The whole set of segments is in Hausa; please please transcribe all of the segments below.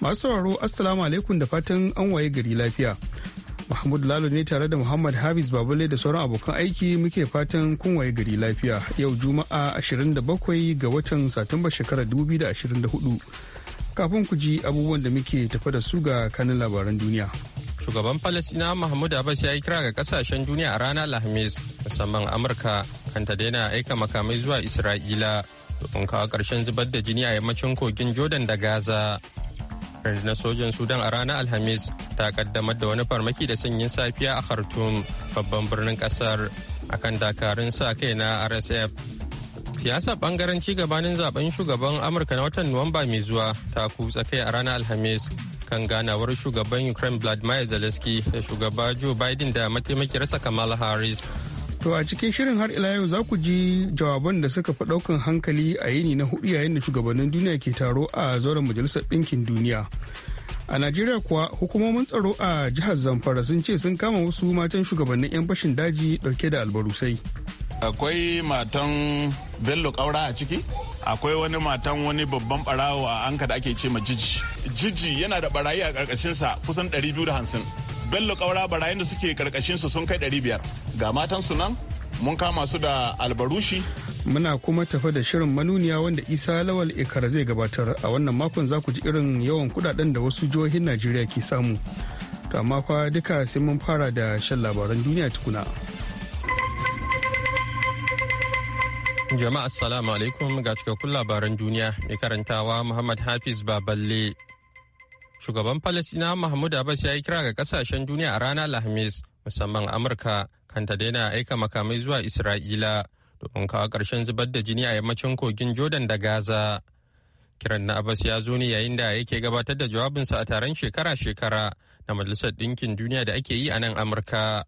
masu sauraro assalamu alaikum da fatan an waye gari lafiya mahmud lalo ne tare da muhammad habiz babule da sauran abokan aiki muke fatan kun waye gari lafiya yau juma'a 27 ga watan satumba shekarar 2024 kafin ku ji abubuwan da muke tafa da su ga kanin labaran duniya shugaban falasina mahmud abbas ya yi kira ga kasashen duniya a ranar lahamis musamman amurka kanta ta daina aika makamai zuwa isra'ila domin kawo ƙarshen zubar da jini a yammacin kogin jordan da gaza rundunar sojan sudan a ranar alhamis ta kaddamar da wani farmaki da sanyin safiya a khartoum babban birnin kasar akan dakarun sa kai na rsf siyasar bangaren gabanin zaben shugaban amurka na watan nuwamba mai zuwa ta kutsa kai a ranar alhamis kan ganawar shugaban ukraine vladimir zelensky da shugaba joe biden da mataimakiyarsa kamala harris To a cikin shirin har ila yau za ku ji jawaban da suka fi ɗaukan hankali a yini na hudu yayin da shugabannin duniya ke taro a zauren majalisar ɗinkin duniya. A Najeriya kuwa hukumomin tsaro a jihar Zamfara sun ce sun kama wasu matan shugabannin 'yan fashin daji ɗauke da albarusai. Akwai matan Bello Kaura a ciki? akwai wani matan wani babban barawo a anka da ake ce ma jiji jiji yana da barayi a ƙarƙashinsa kusan 250 bello kaura barayin da suke karkashin su sun kai 500 ga matan su nan mun kama su da albarushi muna kuma tafi da shirin manuniya wanda isa lawal ikara zai gabatar a wannan makon za ku ji irin yawan kudaden da wasu jihohin najeriya ke samu to amma fa duka sai mun fara da shan labaran duniya tukuna jama'a assalamu alaikum ga cikakkun labaran duniya mai karantawa muhammad hafiz baballe shugaban falasina mahmud abbas ya yi kira ga kasashen duniya a ranar alhamis musamman amurka kanta daina aika makamai zuwa isra'ila domin kawo ƙarshen zubar da jini a yammacin kogin jordan da gaza kiran na abbas ya zo ne yayin da yake gabatar da jawabinsa a taron shekara-shekara na majalisar ɗinkin duniya da ake yi a nan amurka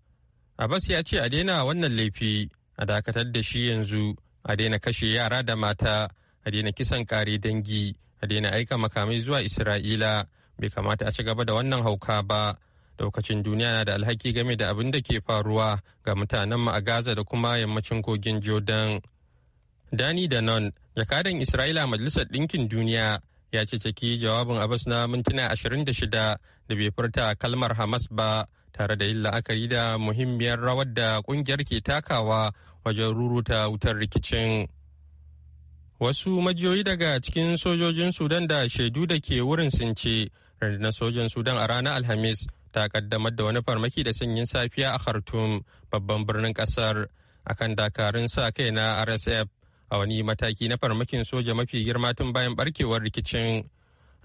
abbas ya ce a daina wannan laifi a dakatar da shi yanzu a daina kashe yara da mata a daina kisan kare dangi a daina aika makamai zuwa isra'ila bai kamata a ci gaba da wannan hauka ba lokacin duniya na da alhaki game da abin da ke faruwa ga mutanenmu a gaza da kuma yammacin kogin jordan dani da non jakadan isra'ila majalisar ɗinkin duniya ya ce ciki jawabin abbas na mintuna 26 da bai furta kalmar hamas ba tare da yin la'akari da muhimmiyar rawar da kungiyar ke takawa wajen ruruta wutar rikicin wasu majiyoyi daga cikin sojojin sudan da shaidu da ke wurin sun ce na sojan sudan a ranar alhamis ta kaddamar da wani farmaki da sanyin safiya a khartoum babban birnin kasar akan dakarun sa kai na rsf a wani mataki na farmakin soja mafi girma tun bayan barkewar rikicin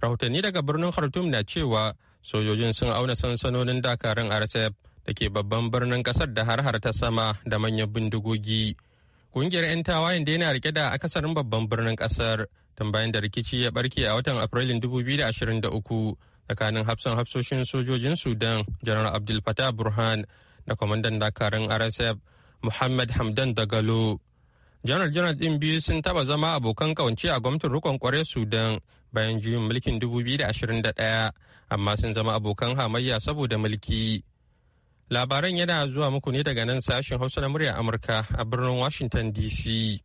rahotanni daga birnin khartoum na cewa sojojin sun auna sansanonin dakarun rsf da ke babban birnin kasar da har-har ta sama da manyan bindigogi kungiyar 'yan tawayen da yana rike da akasarin babban birnin kasar tun bayan da rikici ya barke a watan Afrilun 2023 tsakanin hafsan hafsoshin sojojin Sudan Janar Abdul Fattah Burhan da kwamandan dakarun RSF Muhammad Hamdan Dagalo. Janar Janar ɗin biyu sun taba zama abokan kawance a gwamnatin rikon kwarai Sudan bayan juyin mulkin 2021 amma sun zama abokan hamayya saboda mulki. Labaran yana zuwa muku ne daga nan sashen Hausa na murya Amurka a birnin Washington DC.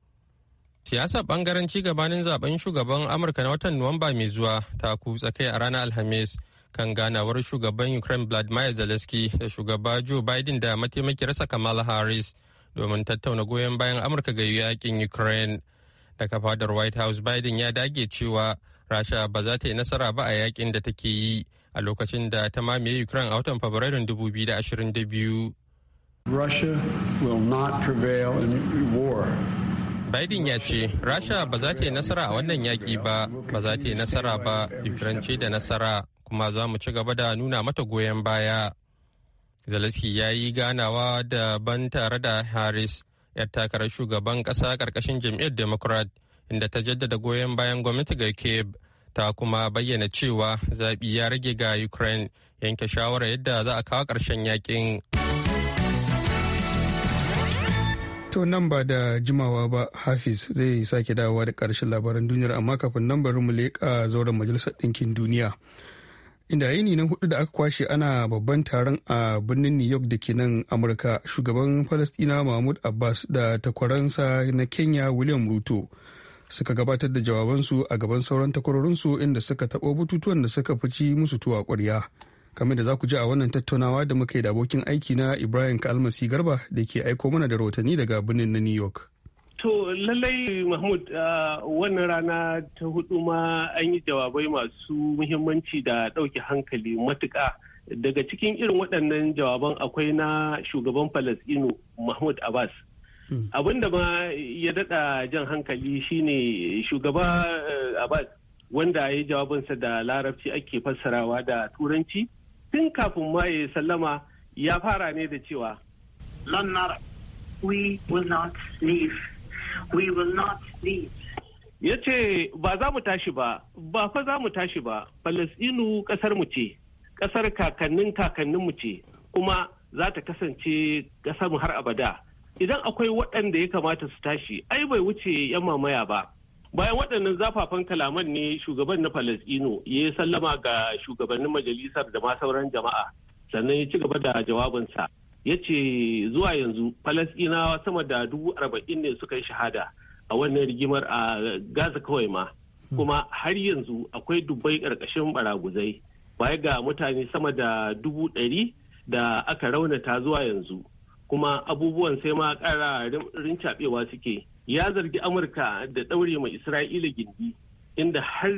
Siyasar bangaren gabanin zaben shugaban Amurka na watan Nuwamba mai zuwa ta kutsa kai a ranar Alhamis kan ganawar shugaban Ukraine Vladimir Zelensky da shugaba Joe Biden da mataimakiyarsa Kamala Harris domin tattauna goyon bayan Amurka ga yakin Ukraine. Daga fadar White House Biden ya dage cewa Rasha ba za ta yi nasara ba a yakin da take yi a lokacin da ta mamaye Ukraine a watan Fabrairun 2022. Russia will not prevail in war Biden ya ce Rasha ba za ta yi nasara a wannan yaƙi ba, ba za ta yi nasara ba, ce da nasara kuma za mu ci gaba da nuna mata goyon baya. Zelensky ya yi ganawa da ban tare da Harris, 'yar takarar shugaban ƙasa ƙarƙashin jam'iyyar Democrat, inda ta jaddada goyon bayan gwamnati ga Kiev, ta kuma bayyana cewa zaɓi ya rage ga Ukraine yanke shawarar yadda za a kawo ƙarshen yaƙin. To nan ba da jimawa ba Hafiz zai sake dawowa da karshen labaran duniyar amma kafin nan bari mu leƙa zauren majalisar ɗinkin duniya. Inda yini na hudu da aka kwashe ana babban taron a birnin New York da ke nan Amurka shugaban falastina Mahmud Abbas da takwaransa na Kenya William Ruto. suka gabatar da jawabansu a gaban sauran takwarorinsu inda suka taɓo bututuwan da suka fici musu tuwa ƙwarya. kamar da za ku ji a wannan tattaunawa da muka yi da abokin aiki na ibrahim kalmasi garba da ke aiko mana da rahotanni daga birnin na new york to lallai mahmud wannan rana ta hudu ma an yi jawabai masu muhimmanci da ɗauke hankali matuka daga cikin irin waɗannan jawaban akwai na shugaban falasɗinu mahmud abbas hmm. abin da ma ya daɗa jan hankali shine shugaba eh, abbas wanda ya yi jawabinsa da larabci ake fassarawa da turanci tun kafin ma ya sallama ya fara ne da cewa we will not leave. Ya ce ba za mu tashi ba, ba fa za mu tashi ba, Falasɗinu ƙasar mu ce, ƙasar kakannin kakannin mu ce, kuma za ta kasance ƙasar mu har abada. Idan akwai waɗanda ya kamata su tashi, ai bai wuce 'yan mamaya ba. bayan waɗannan zafafan kalaman ne shugaban na falasdino ya yi sallama ga shugabannin majalisar da ma sauran jama'a sannan ya ci gaba da jawabinsa ya ce zuwa yanzu falasɗinawa sama da dubu arba'in ne suka yi shahada a wannan rigimar a gaza kawai ma kuma har yanzu akwai dubbai ƙarƙashin baraguzai baya ga mutane sama da dubu ɗari da aka raunata zuwa yanzu kuma abubuwan sai ma ƙara rincaɓewa suke ya zargi amurka da ɗaure mai isra'ila gindi inda har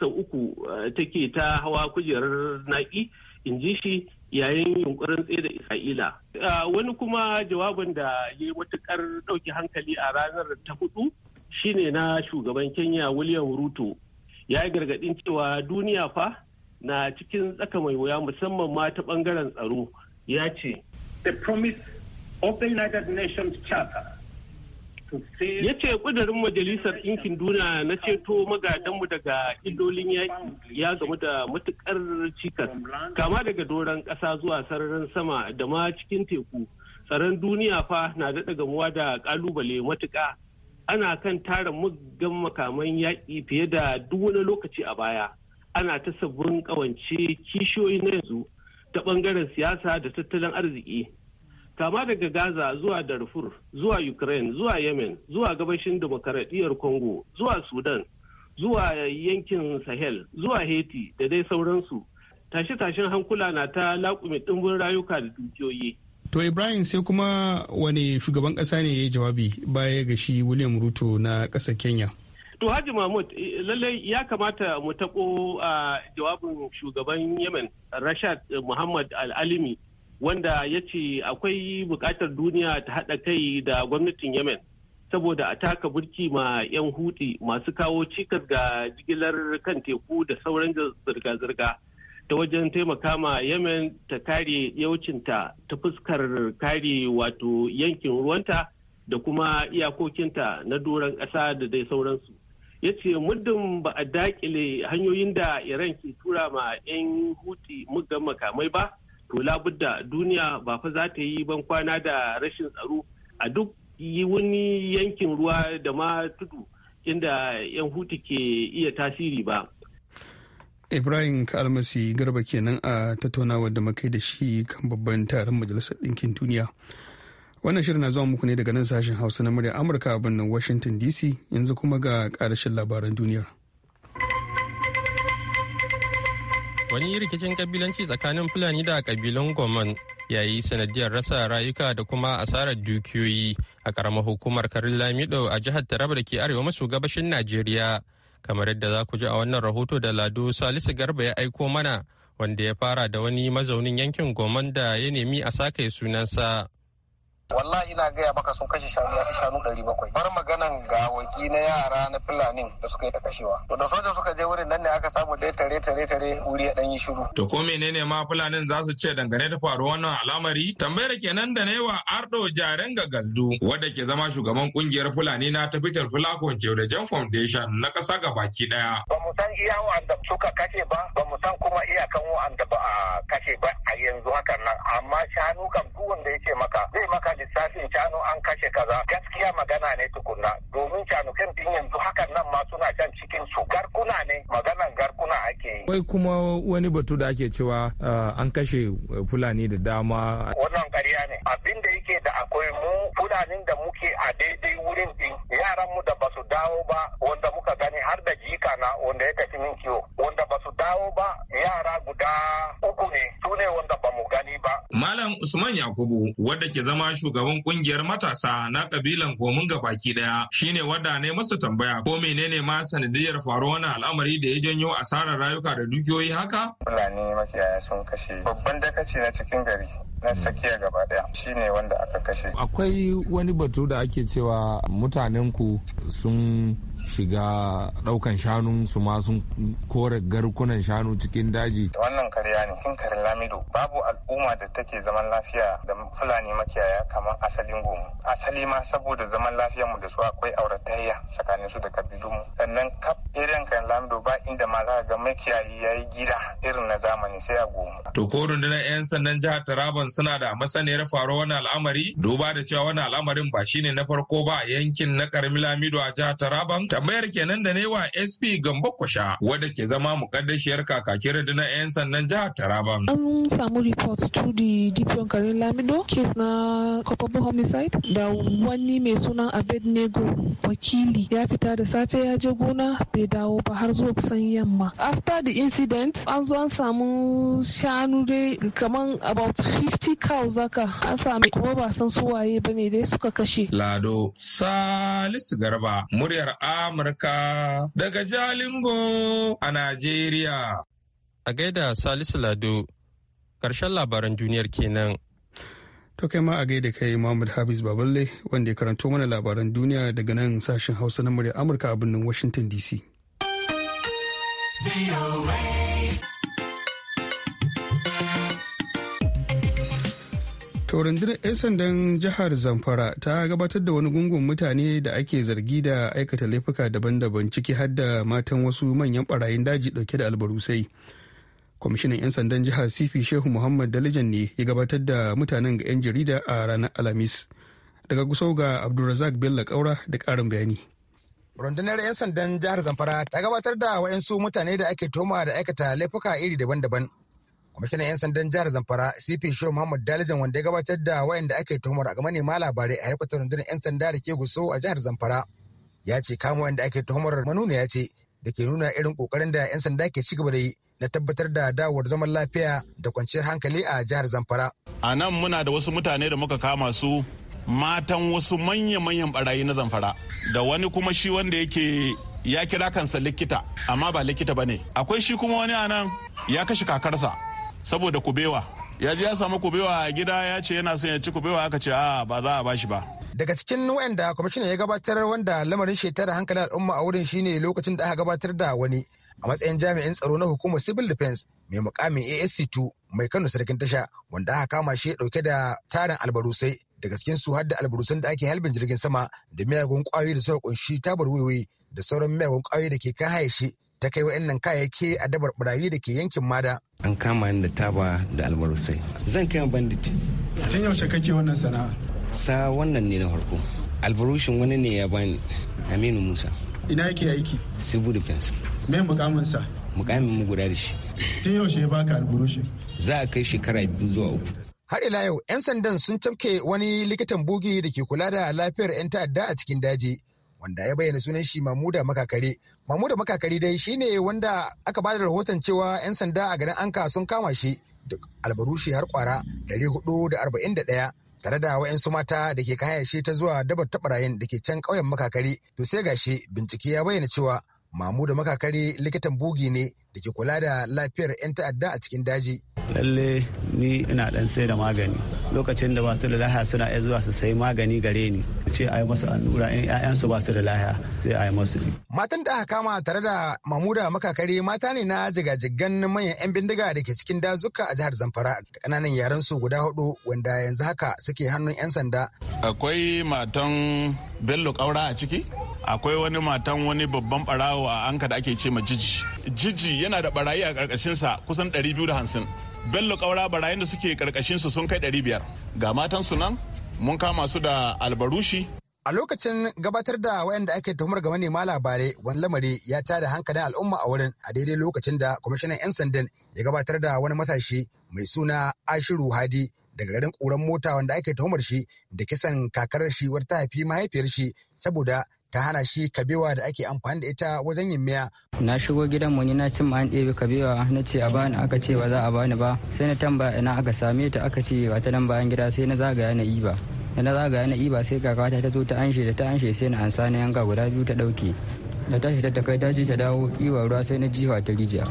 sau uku eh, take ta hawa kujerar naƙi in ji shi yayin yunkurin tsaye da isra'ila eh, wani kuma jawabin da ya yi matukar ɗauki hankali a ranar ta hudu shine na shugaban kenya william ruto ya yi gargaɗin cewa duniya fa na cikin tsaka mai wuya musamman ma ta ɓangaren tsaro ya ce the promise of the united nations charter ya ce kudurin majalisar ɗinkin duniya na ceto magadanmu daga illolin yaƙi ya gamu da matuƙar cikas kama daga doron ƙasa zuwa sararin sama da ma cikin teku tsaron duniya fa na daɗa gamuwa da ƙalubale matuƙa ana kan tara muggan makaman yaƙi fiye da duk wani lokaci a baya ana ta sabbin ƙawance kishiyoyi na yanzu ta ɓangaren siyasa da tattalin arziki kama daga Gaza zuwa Darfur, zuwa Ukraine, zuwa Yemen, zuwa gabashin demokaradiyyar Congo, zuwa Sudan, zuwa yankin Sahel, zuwa Haiti da dai sauransu. Tashe-tashen hankula na ta laƙumi ɗimbin rayuka da dukiyoyi. To Ibrahim sai kuma wani shugaban ƙasa ne ya yi jawabi baya ga shi William Ruto na ƙasar Kenya. To Haji Mahmud, eh, lallai ya kamata mu taɓo a ah, jawabin shugaban Yemen, Rashad Muhammad Al-Alimi, wanda ya ce akwai buƙatar duniya ta haɗa kai da gwamnatin yemen saboda a taka burki ma 'yan huti masu kawo cikas ga jigilar kan teku da sauran zirga-zirga ta wajen taimaka ma yemen ta kare yaucinta ta fuskar kare wato yankin ruwanta da kuma iyakokinta na doron ƙasa da dai sauransu ya ce muddin ba a dakile hanyoyin da iran ke tura ma 'yan huti muggan makamai ba to labudda duniya ba fa za ta yi ban kwana da rashin tsaro a duk yi wani yankin ruwa da ma tudu inda yan hutu ke iya tasiri ba ibrahim kalmasi garba kenan a tattaunawar da makai da shi kan babban taron majalisar ɗinkin duniya wannan shirin na zuwa muku ne daga nan sashen hausa na murya amurka a birnin washington dc yanzu kuma ga ƙarashin labaran duniyar. wani rikicin kabilanci tsakanin fulani da kabilan goman ya yi sanadiyar rasa rayuka da kuma asarar dukiyoyi a karamar hukumar karin lamido a jihar taraba da ke arewa maso gabashin najeriya kamar yadda za ku ji a wannan rahoto da lado salisu garba ya aiko mana wanda ya fara da wani mazaunin yankin goman da ya nemi a kai sunansa wallahi ina gaya maka sun kashe shanu ya fi shanu ɗari bakwai bar maganan waki na yara na filanin da suka yi ta kashewa to da soja suka je wurin nan ne aka samu dai tare tare tare wuri ya ɗan yi shiru. to ko menene ma filanin za su ce dangane da faruwar wannan al'amari tambayar kenan da na wa ardo jaren galdu wadda ke zama shugaban kungiyar fulani na tafitar fulakon da jan foundation na ga baki ɗaya. ba mu san iya wa'anda suka kashe ba ba mu san kuma iyakan wa'anda ba a kashe ba a yanzu hakan nan amma shanu kam duk wanda yake maka zai maka lissafin cano an kashe kaza gaskiya magana ne tukunna domin kan din yanzu hakan nan ma suna can cikin su garkuna ne maganan garkuna ake yi. Wai kuma wani batu da ake cewa uh, an kashe uh, fulani da dama. Wannan ƙarya ne abin da yake da akwai mu fulanin da muke a daidai wurin din yaran mu da basu dawo ba wanda muka gani har da jika na wanda ya tafi min kiwo wanda basu kawo ba yara guda uku ne su ne wanda ba mu gani ba. Malam Usman Yakubu wadda ke zama shugaban kungiyar matasa na kabilan komun baki daya shine wadda ne masa tambaya ko menene ma sanadiyar faruwar wani al'amari da ya janyo asarar rayuka da dukiyoyi haka? Fulani makiyaya sun kashe babban dakaci na cikin gari na tsakiya gaba daya shine wanda aka kashe. Akwai wani batu da ake cewa mutanen ku sun shiga daukan shanu su ma sun kore garkunan shanu cikin daji wannan karya ne kin karin lamido babu al'umma da take zaman lafiya da fulani makiyaya kamar asalin gomu asali ma saboda zaman lafiyar mu da su akwai auratayya tsakanin su da kabilu mu sannan kap irin karin lamido ba inda ma za ga makiyayi yayi gida irin na zamani sai a gomu to ko rundunar yan sandan jihar Taraban suna da masaniyar faro wani al'amari duba da cewa wani al'amarin ba shine na farko ba a yankin na karamin lamido a jihar Taraban Tambayar kenan da ne wa SP Gambo Kwasha wadda ke zama mukaddashiyar kakakin rundunar 'yan sandan jihar Taraban. An samu report to the DPO Karin Lamido case na culpable homicide da wani mai sunan Abednego wakili ya fita da safe ya je gona bai dawo ba har zuwa kusan yamma. After the incident an zo an samu shanu dai kaman about 50 cows zaka an sami kuma ba san su waye ne dai suka kashe. Lado Salisu Garba muryar A Amurka daga Jalingo a Najeriya. A gaida Salisu Lado, ƙarshen labaran duniyar kenan. To kai ma a gaida kai Muhammad habiz Baballe wanda ya karanto mana labaran duniya daga nan sashen Hausa na murya Amurka a birnin Washington DC. To rundunar 'yan sandan jihar Zamfara ta gabatar da wani gungun mutane da ake zargi da aikata laifuka daban-daban ciki har da matan wasu manyan barayin daji dauke da albarusai. Kwamishinan 'yan sandan jihar Sifi Shehu Muhammad Dalijan ne ya gabatar da mutanen ga 'yan jarida a ranar Alhamis. Daga Gusau ga Abdulrazak Bello Kaura da ƙarin bayani. rundunar 'yan sandan jihar zamfara ta gabatar da wa'yansu mutane da ake toma da aikata laifuka iri daban-daban kwamishinan 'yan sandan jihar zamfara cp show muhammad dalizan wanda ya gabatar da wayanda ake tuhumar a ga manema labarai a harkatar rundunar 'yan sanda da ke guso a jihar zamfara ya ce kama wayanda ake tuhumar ya ce da ke nuna irin kokarin da 'yan sanda ke cigaba da yi na tabbatar da dawowar zaman lafiya da kwanciyar hankali a jihar zamfara a nan muna da wasu mutane da muka kama su matan wasu manya-manyan barayi na zamfara da wani kuma shi wanda yake ya kira kansa likita amma ba likita ba ne akwai shi kuma wani a nan ya kashe kakarsa saboda kubewa ya ji ya samu kubewa a gida ya ce yana son ya ci kubewa aka ce a ah, ba za a shi ba daga cikin wa'anda kwamishinan ya gabatar wanda lamarin shetara hankalin al'umma a wurin shine lokacin da aka gabatar da wani a matsayin jami'in tsaro na hukumar civil defense mai mukamin asc2 mai kano sarkin tasha wanda aka kama shi dauke da tarin albarusai daga cikin su har da albarusan da ake halbin jirgin sama da miyagun kwayoyi da suka kunshi tabar wiwi da sauran miyagun kwayoyi da ke kan haishi. ta kai wa'annan kayayyaki a dabar birayi da ke yankin mada an kama ni da taba da albarusai zan kai bandit tun yaushe kake wannan sana'a sa wannan ne na farko albarushin wani ne ya bani aminu musa ina yake aiki civil defense me mukaminsa mukamin mu guda da shi tun yaushe ya baka alburushin za a kai shekara biyu zuwa uku har ila yau 'yan sandan sun tafke wani likitan bugi da ke kula da lafiyar 'yan ta'adda a cikin daji wanda ya bayyana sunan shi Mamuda Makakare. Mamuda Makakare dai shine wanda aka bada rahoton cewa 'yan sanda a garin Anka sun kama shi da albarushi har kwara 441 tare da wa'yansu mata da ke kaya shi ta zuwa dabar taɓarayin da ke can ƙauyen Makakare. To sai gashi bincike ya bayyana cewa Mamuda Makakare likitan bugi ne da ke kula da lafiyar 'yan ta'adda a cikin daji. Lalle ni ina dan sai da magani lokacin da basu da lahiya suna iya zuwa su sayi magani gare ni ce a yi masu allura in 'ya'yansu basu da lahiya sai a yi masu. Matan da aka kama tare da Mamuda Makakari mata ne na jigajigan manyan 'yan bindiga da ke cikin dazuka a jihar Zamfara da kananan yaran su guda hudu wanda yanzu haka suke hannun 'yan sanda. Akwai matan Bello Kaura a ciki? Akwai wani matan wani babban barawo a anka da ake ce ma jiji. Jiji yana da barayi a sa kusan 250 bello kaura barayin da suke karkashinsu sun kai 500 ga matansu nan mun kama su da albarushi a lokacin gabatar da wayanda ake tuhumar ga manema labarai wani lamari ya tada hankalin al'umma a wurin a daidai lokacin da kwamishinan 'yan sandan ya gabatar da wani matashi mai suna ashiru hadi daga garin ƙuran mota wanda ake tuhumar shi da kisan kakar shi wata ta haifi mahaifiyar shi saboda ta hana shi kabewa da ake amfani da ita wajen yin miya. Na shigo gidan mu ni na cin ma an ɗebe kabewa na ce a bani aka ce ba za a bani ba sai na tambaya ina aka same ta aka ce ba ta nan bayan gida sai na zagaya na iba. Da na zagaya na iba sai kakata ta zo ta anshe da ta anshe sai na ansa na yanka guda biyu ta ɗauke. Da tashi ta kai daji ta dawo iwa ruwa sai na jiwa ta rijiya.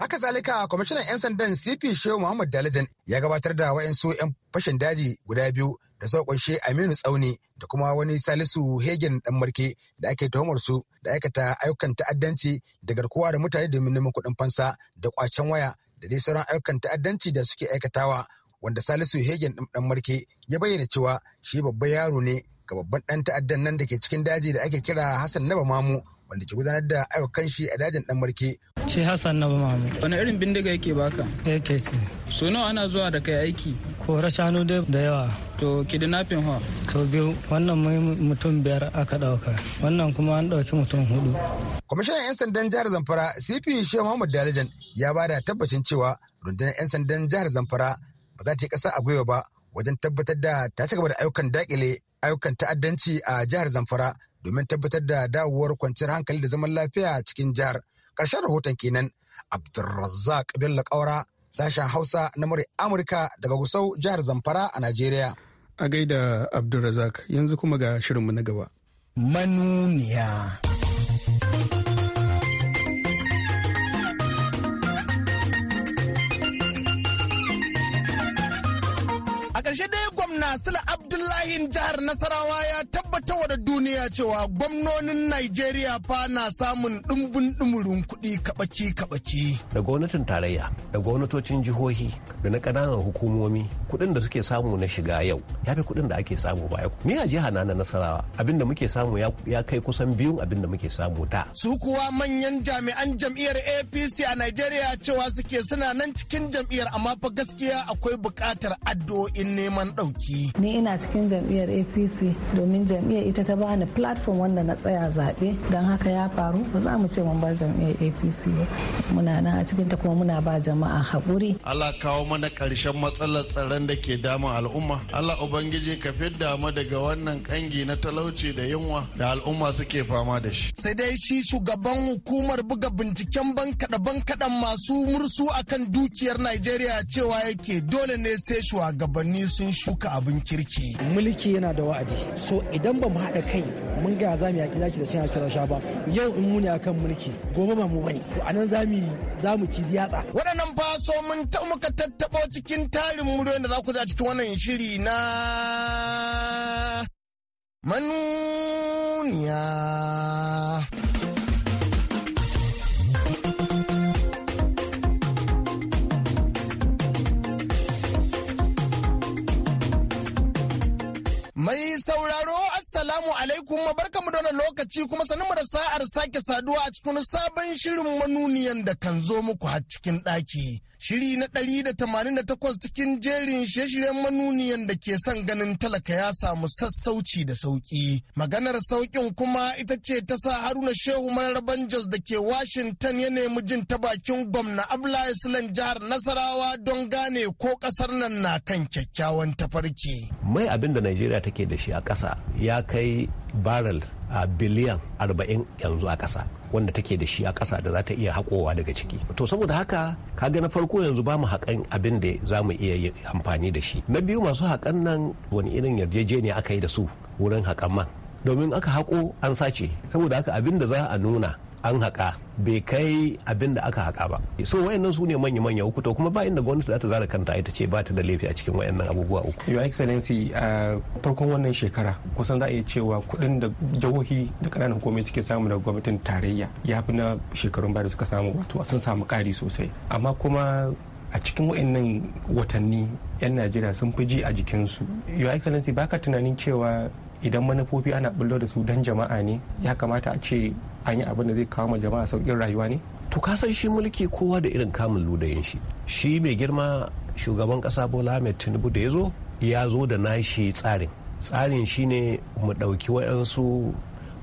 Haka zalika kwamishinan 'yan sandan CP Shehu Muhammad Dalajan ya gabatar da wa'insu 'yan fashin daji guda biyu da suka kunshi Aminu Tsauni da kuma wani Salisu Hegen dan marke da ake tuhumar su da aikata ayyukan ta'addanci da garkuwa da mutane domin neman kuɗin fansa da kwacen waya da dai sauran ayyukan ta'addanci da suke aikatawa wanda Salisu Hegen dan marke ya bayyana cewa shi babban yaro ne ga babban dan ta'addan nan da ke cikin daji da ake kira Hassan Naba Mamu wanda ke gudanar da ayyukan shi a dajin dan marke. Ce Hassan na Muhammad. Wani irin bindiga yake baka? Yake ce. So nawa ana zuwa da kai aiki? Kora shanu da yawa. To kidnapping ha? To biyu wannan mai mutum biyar aka dauka wannan kuma an dauki mutum hudu. Kwamishinan 'yan sandan jihar Zamfara CP Shehu Muhammad Dalajan ya bada tabbacin cewa rundunar 'yan sandan jihar Zamfara ba za ta yi ƙasa a gwiwa ba wajen tabbatar da ta ci gaba da ayyukan dakile ayyukan ta'addanci a jihar Zamfara domin tabbatar da dawowar kwanciyar hankali da zaman lafiya a cikin jihar ƙarshen rahoton kenan abdulrazzaq bello kaura sashen hausa na muri amurka daga gusau jihar zamfara a najeriya a gaida abdulrazzaq yanzu kuma ga shirinmu na gaba manuniya a ƙarshen Sanata Abdullahi jihar Nasarawa ya tabbata da duniya cewa gwamnonin Najeriya fa na samun ɗumbin ɗumurin kuɗi kabaki kabaki. Da gwamnatin tarayya, da gwamnatocin jihohi, da na ƙananan hukumomi, kuɗin da suke samu na shiga yau ya fi kuɗin da ake samu baya. Ni a jiha na Nasarawa abin da muke samu ya kai kusan biyun abin da muke samu da. Su kuwa manyan jami'an jam'iyyar APC a Najeriya cewa suke suna nan cikin jam'iyyar amma fa gaskiya akwai buƙatar addu'o'in neman ɗauki. yi ni ina cikin jam'iyyar apc domin jam'iyyar ita ta bani platform wanda na tsaya zaɓe don haka ya faru ba za mu ce mun bar jam'iyyar apc ba muna nan a cikin ta kuma muna ba jama'a haƙuri allah kawo mana karshen matsalar tsaron da ke damun al'umma allah ubangiji ka fidda mu daga wannan kangi na talauci da yunwa da al'umma suke fama da shi sai dai shi shugaban hukumar buga binciken bankaɗa bankaɗan masu mursu akan dukiyar najeriya cewa yake dole ne sai shugabanni sun shuka abu abin kirki. Mulki yana da wa'adi. So idan ba mu haɗa kai mun ga za mu yaƙi zaki da cin rasha ba. Yau in muni akan mulki gobe ba mu bane. To anan za za mu ci ziyatsa. Waɗannan ba so mun ta muka tattaɓo cikin tarin muryoyin da za ku za cikin wannan shiri na manuniya. Mai sauraro Assalamu alaikum mu da wannan lokaci kuma sanin da sa'ar sake saduwa a cikin sabon shirin manuniyan da kan zo muku har cikin ɗaki. shiri na ɗari da tamanin da takwas cikin jerin shirye-shiryen manuniyan da ke son ganin talaka ya samu sassauci da sauki Maganar sauƙin kuma ita ce ta sa Haruna Shehu Mararaban Jos da ke Washington ya nemi jin ta bakin gwamna Abla Island jihar Nasarawa don gane ko ƙasar nan na kan kyakkyawan tafarki. Mai abin da Najeriya take da shi a ƙasa ya kai barrel a biliyan 40 yanzu a ƙasa wanda take da shi a ƙasa da za ta iya haƙowa daga ciki to saboda haka kaga na farko yanzu ba mu haƙan abin da za mu iya amfani da shi na biyu masu haƙan nan wani irin yarjejeniya aka yi da su wurin haƙan man domin aka haƙo an sace saboda haka abin da za a nuna an haƙa bai kai abin da aka haƙa ba so wayannan su ne manya-manya uku to kuma ba inda gwamnati za ta zara kanta ita ce ba ta da laifi a cikin wayannan abubuwa uku your excellency a uh, farkon wannan shekara kusan za a iya cewa kuɗin da jihohi da ƙananan komai suke samu daga gwamnatin tarayya ya fi na shekarun baya da suka samu wato sun samu ƙari sosai amma kuma a cikin wayannan watanni 'yan najeriya sun fi ji a jikinsu your excellency baka tunanin cewa idan manufofi ana bullo da su dan jama'a ne ya kamata a ce an yi abin da zai kawo ma jama'a sauƙin rayuwa ne to ka san shi mulki kowa da irin kamun ludayin shi shi mai girma shugaban kasa bola ahmed tinubu da ya zo ya zo da nashi tsarin tsarin shi ne mu ɗauki wayansu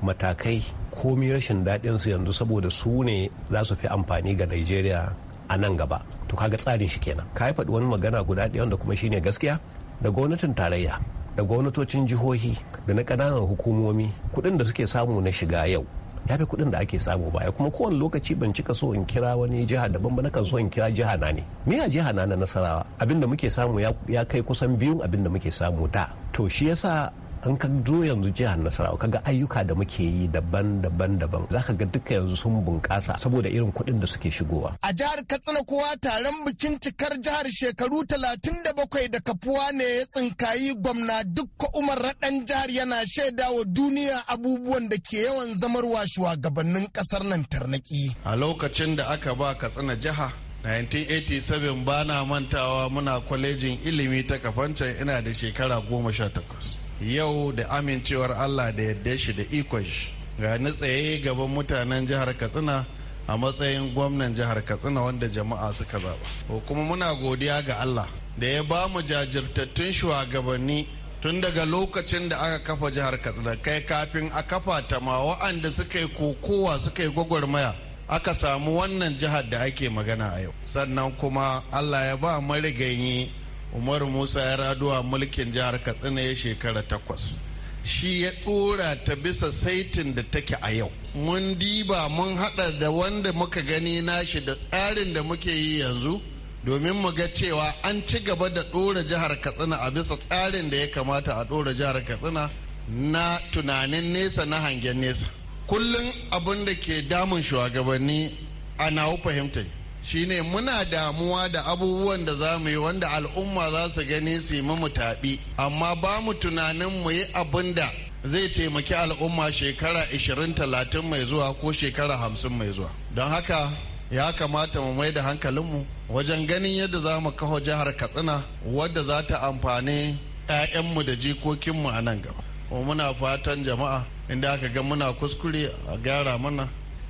matakai komi rashin daɗin su yanzu saboda su ne za su fi amfani ga nigeria a nan gaba to kaga tsarin shi kenan ka faɗi wani magana guda ɗaya wanda kuma shine gaskiya da gwamnatin tarayya da gwamnatocin jihohi da na kananan hukumomi kuɗin da suke samu na shiga yau ya fi kuɗin da ake samu baya kuma kowane lokaci ban cika so in kira wani jiha daban ba nakan so in kira jiha na ne me a jiha na na nasarawa abinda muke samu ya kai kusan biyun abinda muke samu da to shi yasa An ka zo yanzu jihar nasarawa ga ayyuka da muke yi daban-daban daban za ka ga duka yanzu sun bunƙasa saboda irin kuɗin da suke shigowa a jihar katsina kowa taron bikin cikar jihar shekaru talatin da bakwai da kafuwa ne ya tsinkayi gwamna dukka umar raɗan jihar yana shaida wa duniya abubuwan da ke yawan zamarwa shugabannin ƙasar nan tarnaki a lokacin da aka ba katsina jiha 1987 bana mantawa muna kwalejin ilimi ta kafancan ina da shekara goma sha takwas yau da amincewar allah da yadda shi da ikon shi ga ni tsaye gaban mutanen jihar katsina a matsayin gwamnan jihar katsina wanda jama'a suka zaba kuma muna godiya ga allah da ya ba mu jajirtattun shugabanni tun daga lokacin da aka kafa jihar katsina kai kafin a kafa ta ma wa'anda suka yi kokowa suka yi gwagwarmaya aka samu wannan jihar da ake magana a yau sannan kuma allah ya ba marigayi umaru musa ya raduwa mulkin jihar katsina ya shekara takwas shi ya ɗora ta bisa saitin da take a yau mun diba mun haɗa da wanda muka gani nashi da tsarin da muke yi yanzu domin mu ga cewa an ci gaba da ɗora jihar katsina a bisa tsarin da ya kamata a ɗora jihar katsina na tunanin nesa na hangen nesa kullum abin da ke damun shugabanni ana nawo fahimtai shine muna damuwa da abubuwan da za mu yi wanda al'umma za su gani su yi mu taɓi amma ba mu tunanin mu yi abin da zai taimaki al'umma shekara 20-30 mai zuwa ko shekara 50 mai zuwa don haka ya kamata mu mai da hankalinmu wajen ganin yadda za mu kawo jihar katsina wadda za ta amfani 'ya'yanmu da jikokinmu a nan gaba muna fatan jama'a inda aka ga muna kuskure a gyara mana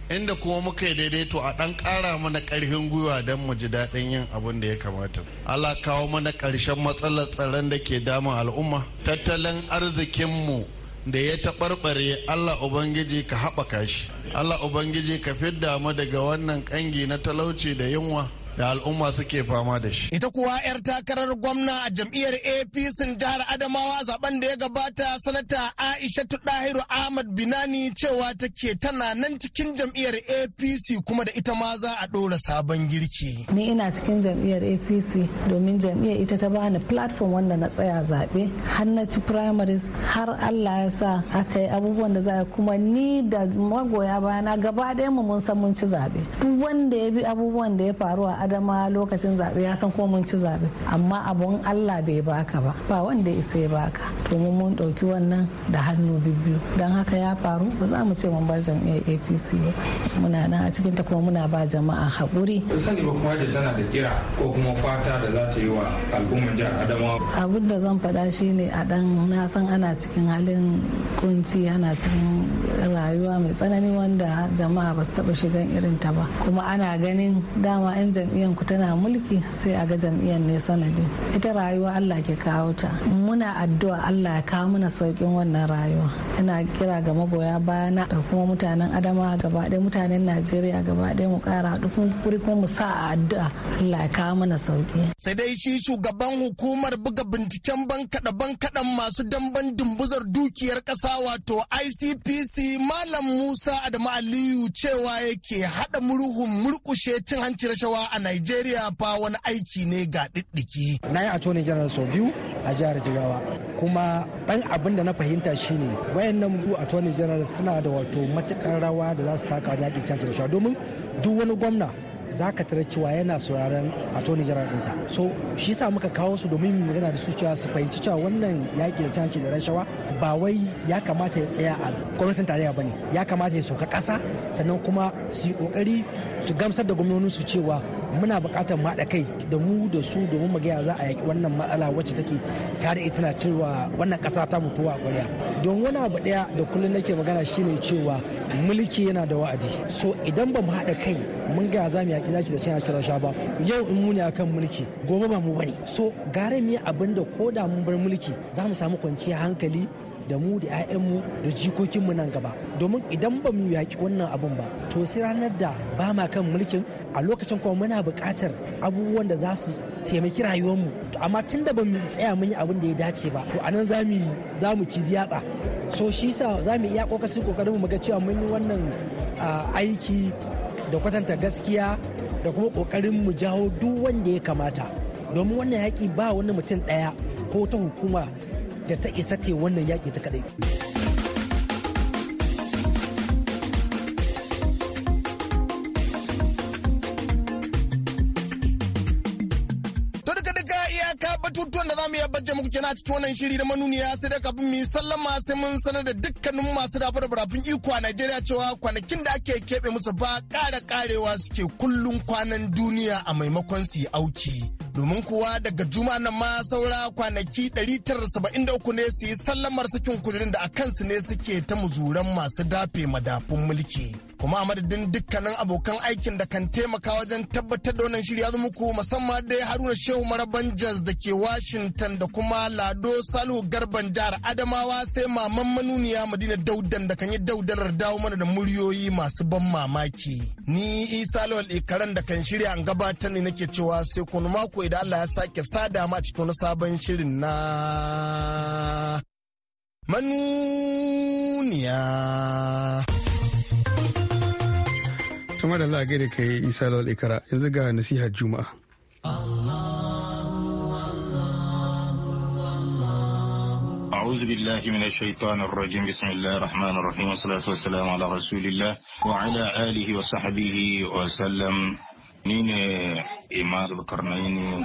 inda kuma muka yi daidai to a ɗan ƙara mana ƙarfin gwiwa don mu ji daɗin yin abin da ya kamata Allah kawo mana ƙarshen matsalar tsaron da ke damun al'umma tattalin arzikinmu da ya taɓarɓare Allah Ubangiji ka haɓaka shi Allah Ubangiji ka fidda mu daga wannan ƙangi na talauci da yunwa da al'umma suke fama da shi. Ita kuwa 'yar takarar gwamna a jam'iyyar APC jihar Adamawa zaben da ya gabata sanata Aisha Tudahiru Ahmad Binani cewa take tana nan cikin jam'iyyar APC kuma da ita ma za a ɗora sabon girki. Ni ina cikin jam'iyyar APC domin jam'iyyar ita ta bani platform wanda na tsaya zaɓe har na ci primaries har Allah ya sa aka yi abubuwan da za kuma ni da magoya bayana gaba da mu mun san mun ci zaɓe. Duk wanda ya bi abubuwan da ya faru a adama lokacin zaɓe ya san ko mun ci zaɓe amma abun allah bai baka ba ba wanda isa ya baka to mun mun ɗauki wannan da hannu biyu don haka ya faru ba za mu ce mun bar jam'iyyar apc ba muna nan a cikin ta muna ba jama'a haƙuri sani ba tana da kira ko kuma fata da za yi wa jihar adamawa abin da zan faɗa shine a ɗan na san ana cikin halin kunci ana cikin rayuwa mai tsanani wanda jama'a ba su taɓa shigan irin ta ba kuma ana ganin dama 'yan jam'iyyar ku tana mulki sai a ga jam'iyyar ne sanadi ita rayuwa Allah ke kawo ta muna addu'a Allah ya kawo mana saukin wannan rayuwa ina kira ga magoya bayana da kuma mutanen adama gaba ɗaya mutanen Najeriya gaba ɗaya mu kara haɗu kuma mu sa a addu'a Allah ya kawo mana sauki sai dai shi shugaban hukumar buga binciken bankaɗa bankaɗan masu damben dumbuzar dukiyar ƙasa wato ICPC Malam Musa Adamu Aliyu cewa yake haɗa murhun murƙushe cin hanci rashawa a nigeria fa wani aiki ne ga ɗiɗɗiki. Na yi attorney general sau biyu a jihar Jigawa kuma ɗan abin da na fahimta shine wayannan biyu attorney general suna da wato matukar rawa da za su taka wajen yaƙi cancanci rashawa domin duk wani gwamna za ka tarar cewa yana sauraron attorney general ɗinsa so shi sa muka kawo su domin mu magana da su cewa su fahimci cewa wannan yaƙi da canci da rashawa ba wai ya kamata ya tsaya a gwamnatin tarayya bane ya kamata ya sauka ƙasa sannan kuma su yi ƙoƙari su gamsar da gwamnonin su cewa muna buƙatar haɗa kai da mu da su domin mu ga za a yaki wannan matsala wacce take tare tana cewa wannan ƙasa ta mutuwa a ƙwarya don wani abu ɗaya da kullum nake magana shine cewa mulki yana da wa'adi so idan ba mu haɗa kai mun ga za mu yaƙi zaki da cin hashin rasha ba yau in mu ne akan mulki gobe ba mu bane so gare mu abin da ko da mun bar mulki za mu samu kwanciyar hankali da mu da 'ya'yanmu da jikokinmu nan gaba domin idan ba mu yaƙi wannan abun ba to sai ranar da ba ma kan mulkin a lokacin kuma muna buƙatar abubuwan da za su taimaki rayuwarmu amma tun da ba mu tsaya mun yi abin da ya dace ba to anan za mu za mu ci ziyatsa so shi sa za mu iya kokarin kokarin mu ga cewa mun yi wannan aiki da kwatanta gaskiya da kuma kokarin mu jawo duk wanda ya kamata domin wannan yaƙi ba wani mutum ɗaya ko ta hukuma da ta isa ce wannan yaƙi ta kaɗai. muna cikin wannan shiri na manuniya sai da kafin mu yi sallama sai mun sanar da dukkanin masu dafa da barafin iko a Najeriya cewa kwanakin da ake keɓe musu ba ƙara ƙarewa suke kullun kwanan duniya a maimakon su yi auki. domin kuwa daga juma na ma saura kwanaki 973 ne su yi sallamar sakin kudurin da a kansu ne suke ta muzuran masu dafe madafun mulki kuma a madadin dukkanin abokan aikin da kan taimaka wajen tabbatar da wannan shirya zama muku musamman dai haruna shehu maraban jaz da ke washington da kuma lado salu garban jihar adamawa sai maman manuniya madina daudan da kan yi daudarar dawo mana da muryoyi masu ban mamaki ni isa lawal ikaran da kan shirya an gabatar ne nake cewa sai kun mako mako idan Allah ya sake sada ma cikin wani sabon shirin na manuniya. Tuma da Allah gaida kai Isa Lawal Ikara yanzu ga nasihar Juma'a. أعوذ بالله من الشيطان الرجيم بسم الله الرحمن الرحيم والصلاة والسلام على رسول الله وعلى آله وصحبه وسلم Ni ne Imam Karnaini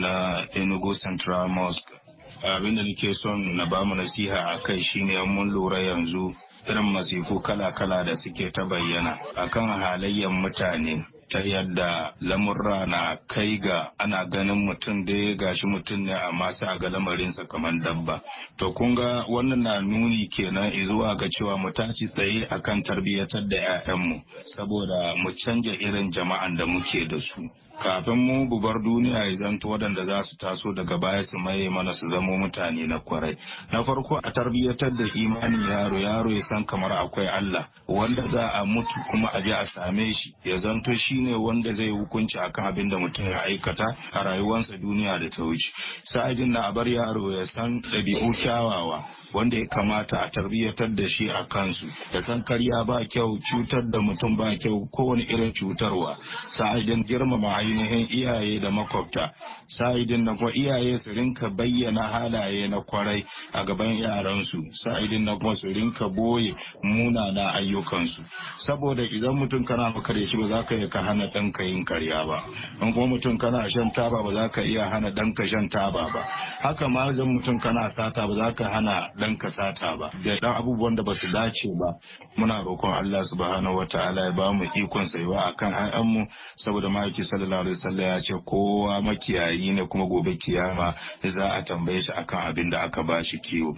na Enugu Central Mosque. Abin da nake son na ba mu nasiha a kai shine mun lura yanzu irin masifu kala-kala da suke ta bayyana akan halayyar mutane. ta yadda lamurra na kai ga ana ganin mutum dai gashi mutum ne amma sai a ga lamarinsa kamar dabba to kun ga wannan na nuni kenan izuwa ga cewa mu tashi tsaye a kan tarbiyyatar da 'ya'yanmu saboda mu canja irin jama'an da muke da su kafin mu gubar duniya ya zanto waɗanda za su taso daga baya su maye mana su zamo mutane na kwarai na farko a tarbiyyatar da imani yaro yaro ya san kamar akwai Allah wanda za a mutu kuma a je a same shi ya zanto shi ne wanda zai hukunci akan abin da mutum ya aikata a rayuwarsa duniya da ta wuce sa'adin na bar yaro ya san ɗabi'u kyawawa wanda ya kamata a tarbiyyatar da shi a kansu ya san karya ba kyau cutar da mutum ba kyau kowane irin cutarwa sa'adin girmama ainihin iyaye da makwabta sa'idin na kuma iyaye su rinka bayyana halaye na kwarai a gaban yaransu sa'idin na kuma su rinka boye munana ayyukansu saboda idan mutum kana maka da shi ba za ka yi ka hana ɗanka yin karya ba in kuma mutum kana shan taba ba za ka iya hana ɗanka shan taba ba haka ma zan mutum kana sata ba za ka hana ɗanka sata ba da ɗan abubuwan da ba su dace ba muna roƙon Allah subhanahu wa ta'ala ya ba mu ikon tsayuwa akan ƴaƴanmu saboda ma'aiki sallallahu alaihi wasallam ya ce kowa makiyayi ne kuma gobe kiyama za a tambaye shi akan abin da aka ba shi kiwo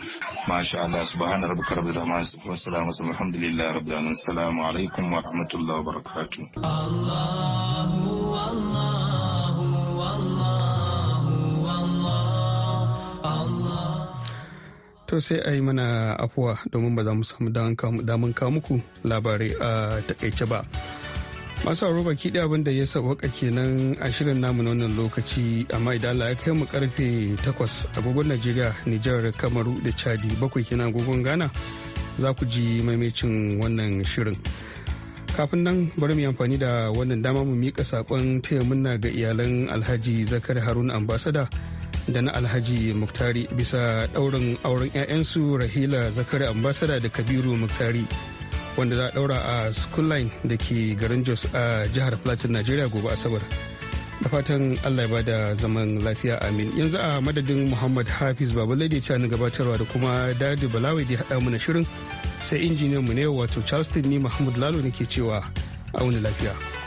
masha Allah subhanahu rabbika rabbil wa alamin wassalamu alaikum wa rahmatullahi wa barakatuh To sai a yi mana afuwa domin ba za mu samu daman kawo muku labarai a takaice ba. Masu aro baki ɗaya abin da ya sabaka kenan a shirin namu na wannan lokaci amma idan Allah ya kai mu karfe 8 agogon Najeriya, Nijar, Kamaru da Chadi bakwai kenan agogon Ghana za ku ji maimacin wannan shirin. kafin nan bari mu yi amfani da wannan dama mu mika sakon taya murna ga iyalan alhaji zakar harun ambasada da na alhaji muktari bisa daurin auren 'ya'yansu rahila zakar ambasada da kabiru muktari wanda za a daura a school line da ke garin jos a jihar plateau nigeria gobe asabar da fatan allah ya bada zaman lafiya amin yanzu a madadin muhammad hafiz babalai da ya ci gabatarwa da kuma dadi balawai da ya haɗa mana shirin sai injiniyan mu ne wato charleston ni mahmud lalo nake cewa a auni lafiya